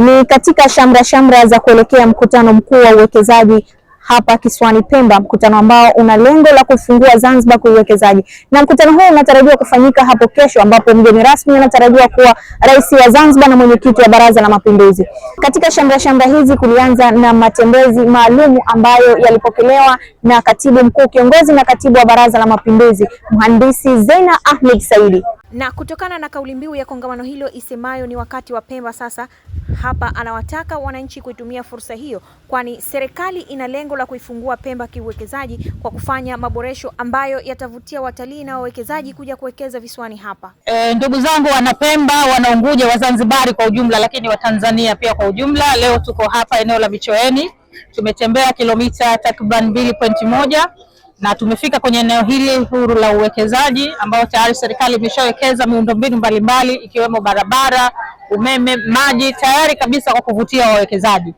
Ni katika shamra shamra za kuelekea mkutano mkuu wa uwekezaji hapa kisiwani Pemba, mkutano ambao una lengo la kufungua Zanzibar kwa uwekezaji, na mkutano huu unatarajiwa kufanyika hapo kesho, ambapo mgeni rasmi anatarajiwa kuwa rais wa Zanzibar na mwenyekiti wa Baraza la Mapinduzi. Katika shamra shamra hizi kulianza na matembezi maalumu ambayo yalipokelewa na katibu mkuu kiongozi na katibu wa Baraza la Mapinduzi Mhandisi Zena Ahmed Saidi. Na kutokana na kauli mbiu ya kongamano hilo isemayo ni wakati wa Pemba sasa, hapa anawataka wananchi kuitumia fursa hiyo, kwani serikali ina lengo la kuifungua Pemba kiuwekezaji kwa kufanya maboresho ambayo yatavutia watalii na wawekezaji kuja kuwekeza visiwani hapa. E, ndugu zangu Wanapemba, Wanaunguja, Wazanzibari kwa ujumla, lakini Watanzania pia kwa ujumla, leo tuko hapa eneo la Micheweni Tumetembea kilomita takriban mbili pointi moja na tumefika kwenye eneo hili huru la uwekezaji ambayo tayari serikali imeshawekeza miundombinu mbalimbali ikiwemo barabara, umeme, maji tayari kabisa kwa kuvutia wawekezaji.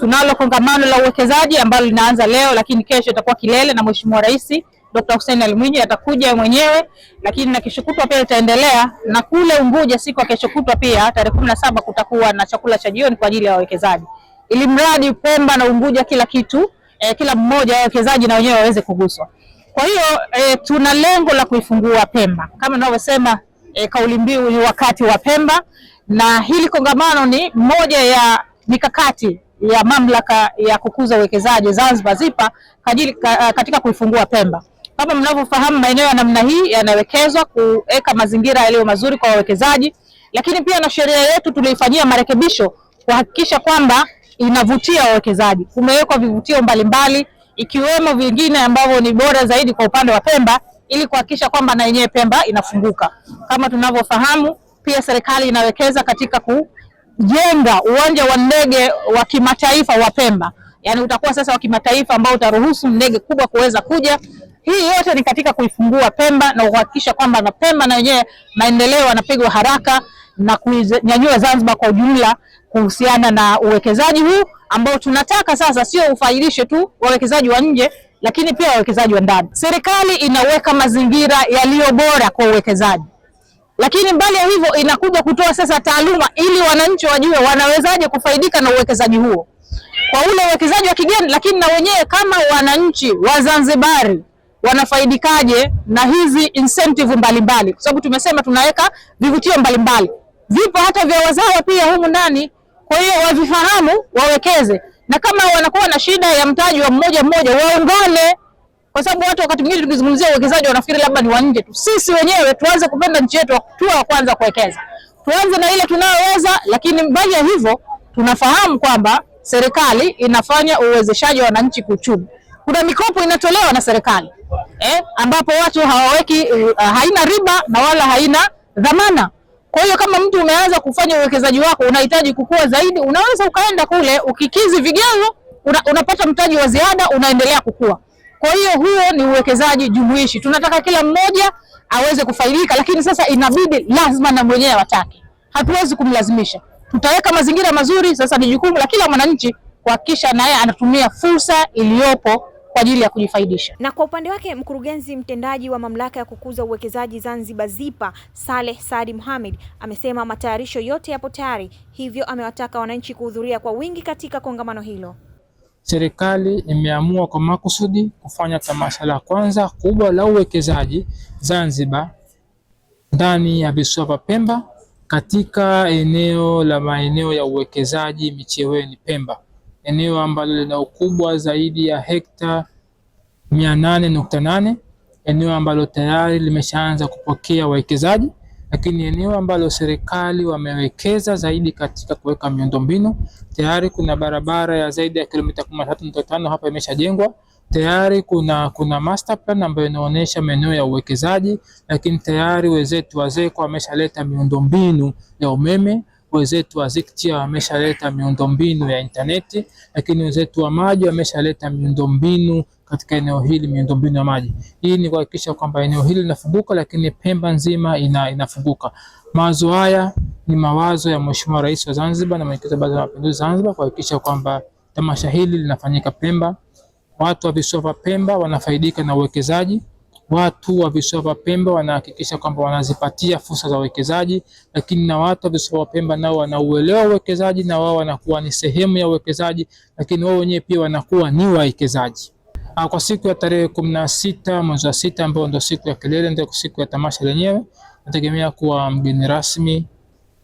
Tunalo kongamano la uwekezaji ambalo linaanza leo, lakini kesho itakuwa kilele na Mheshimiwa Rais Dr. Hussein Ali Mwinyi atakuja mwenyewe, lakini na kesho kutwa pia itaendelea, na kule Unguja siku ya kesho kutwa pia tarehe kumi na saba kutakuwa na chakula cha jioni kwa ajili ya wawekezaji ili mradi Pemba na Unguja kila kitu eh, kila mmoja wawekezaji na wenyewe waweze kuguswa. Kwa hiyo eh, tuna lengo la kuifungua Pemba kama ninavyosema, eh, kauli mbiu ni wakati wa Pemba, na hili kongamano ni moja ya mikakati ya mamlaka ya kukuza uwekezaji Zanzibar ZIPA kajili, katika kuifungua Pemba. Kama mnavyofahamu, maeneo ya namna hii yanawekezwa kuweka mazingira yaliyo mazuri kwa wawekezaji, lakini pia na sheria yetu tuliifanyia marekebisho kuhakikisha kwamba inavutia wawekezaji. Kumewekwa vivutio mbalimbali ikiwemo vingine ambavyo ni bora zaidi kwa upande wa Pemba ili kuhakikisha kwamba na yenyewe Pemba inafunguka. Kama tunavyofahamu, pia serikali inawekeza katika kujenga uwanja wa ndege wa kimataifa wa Pemba, yaani utakuwa sasa wa kimataifa ambao utaruhusu ndege kubwa kuweza kuja. Hii yote ni katika kuifungua Pemba na kuhakikisha kwamba na Pemba na yenyewe maendeleo yanapigwa haraka na kuinyanyua Zanzibar kwa ujumla kuhusiana na uwekezaji huu ambao tunataka sasa sio ufaidishe tu wawekezaji wa nje lakini pia wawekezaji wa ndani. Serikali inaweka mazingira yaliyo bora kwa uwekezaji, lakini mbali ya hivyo inakuja kutoa sasa taaluma ili wananchi wajue wanawezaje kufaidika na uwekezaji huo, kwa ule uwekezaji wa kigeni, lakini na wenyewe kama wananchi wa Zanzibari wanafaidikaje na hizi incentive mbalimbali, kwa sababu tumesema tunaweka vivutio mbalimbali, vipo hata vya wazawa pia humu ndani. Kwa hiyo wavifahamu, wawekeze, na kama wanakuwa na shida ya mtaji wa mmoja mmoja waungane, kwa sababu watu wakati mwingine tukizungumzia uwekezaji wanafikiri labda ni wa nje tu. Sisi wenyewe tuanze kupenda nchi yetu, tuwa wa kwanza kuwekeza, tuanze na ile tunayoweza. Lakini mbali ya hivyo, tunafahamu kwamba serikali inafanya uwezeshaji wa wananchi kiuchumi. Kuna mikopo inatolewa na serikali eh, ambapo watu hawaweki uh, haina riba na wala haina dhamana. Kwa hiyo kama mtu umeanza kufanya uwekezaji wako, unahitaji kukua zaidi, unaweza ukaenda kule ukikizi vigezo, una, unapata mtaji wa ziada, unaendelea kukua. Kwa hiyo huo ni uwekezaji jumuishi. Tunataka kila mmoja aweze kufaidika, lakini sasa inabidi lazima na mwenyewe atake, hatuwezi kumlazimisha. Tutaweka mazingira mazuri, sasa ni jukumu la kila mwananchi kuhakikisha naye anatumia fursa iliyopo kwa ajili ya kujifaidisha. Na kwa upande wake mkurugenzi mtendaji wa mamlaka ya kukuza uwekezaji Zanzibar ZIPA Saleh Saadi Mohamed amesema matayarisho yote yapo tayari, hivyo amewataka wananchi kuhudhuria kwa wingi katika kongamano hilo. Serikali imeamua kwa makusudi kufanya tamasha la kwanza kubwa la uwekezaji Zanzibar ndani ya visiwa vya Pemba katika eneo la maeneo ya uwekezaji Micheweni Pemba eneo ambalo lina ukubwa zaidi ya hekta nane eneo ambalo tayari limeshaanza kupokea wawekezaji, lakini eneo ambalo serikali wamewekeza zaidi katika kuweka miundombinu. Tayari kuna barabara ya zaidi ya kilomita 13.5 hapa imeshajengwa tayari kuna, kuna master plan ambayo inaonyesha maeneo ya uwekezaji, lakini tayari wezetu wazee kwa wameshaleta miundombinu ya umeme Wenzetu wa ZICTIA wameshaleta miundombinu ya intaneti, lakini wenzetu wa maji wameshaleta miundombinu katika eneo hili, miundombinu ya maji. Hii ni kuhakikisha kwamba eneo hili linafunguka, lakini Pemba nzima ina, inafunguka. Mawazo haya ni mawazo ya Mheshimiwa Rais wa Zanzibar na Mwenyekiti wa Baraza la Mapinduzi Zanzibar kuhakikisha kwamba tamasha hili linafanyika Pemba, watu wa visiwa vya Pemba wanafaidika na uwekezaji watu wa visiwa vya Pemba wanahakikisha kwamba wanazipatia fursa za uwekezaji, lakini na watu wa visiwa vya Pemba nao wanauelewa uwekezaji na wao wanakuwa ni sehemu ya uwekezaji, lakini wao wenyewe pia wanakuwa ni wawekezaji. Ah, kwa siku ya tarehe kumi na sita mwezi wa sita ambayo ndio siku ya kilele, ndio siku ya tamasha lenyewe, nategemea kuwa mgeni rasmi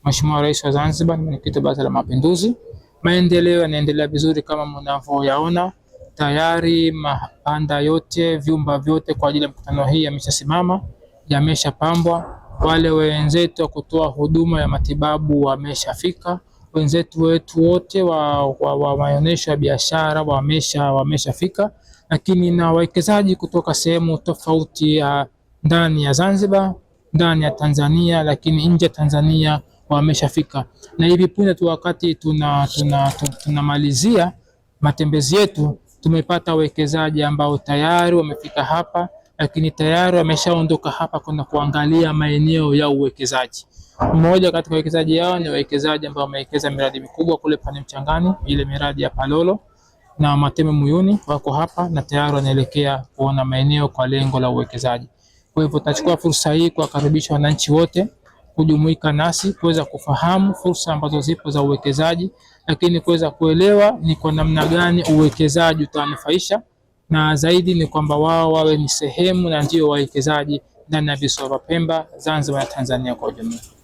Mheshimiwa Rais wa Zanzibar, Mwenyekiti wa Baraza la Mapinduzi. Maendeleo yanaendelea vizuri kama mnavyoyaona. Tayari mabanda yote, vyumba vyote kwa ajili ya mkutano hii yameshasimama, yameshapambwa. Wale wenzetu wa kutoa huduma ya matibabu wameshafika, wenzetu wetu wote wa, wa, wa maonyesho ya biashara wamesha wameshafika, lakini na wawekezaji kutoka sehemu tofauti ya ndani ya Zanzibar, ndani ya Tanzania, lakini nje ya Tanzania wameshafika, na hivi punde tu wakati tunamalizia tuna, tuna, tuna matembezi yetu Tumepata wawekezaji ambao tayari wamefika hapa, lakini tayari wameshaondoka hapa kwenda kuangalia maeneo ya uwekezaji. Mmoja katika wawekezaji hao ni wawekezaji ambao wamewekeza miradi mikubwa kule pale Mchangani, ile miradi ya Palolo na Mateme Muyuni wako hapa na tayari wanaelekea kuona maeneo kwa lengo la uwekezaji. Kwa hivyo tutachukua fursa hii kuwakaribisha wananchi wote kujumuika nasi kuweza kufahamu fursa ambazo zipo za uwekezaji, lakini kuweza kuelewa ni kwa namna gani uwekezaji utanufaisha, na zaidi ni kwamba wao wawe ni sehemu na ndio wawekezaji ndani ya visiwa vya Pemba, Zanzibar na Tanzania kwa ujumla.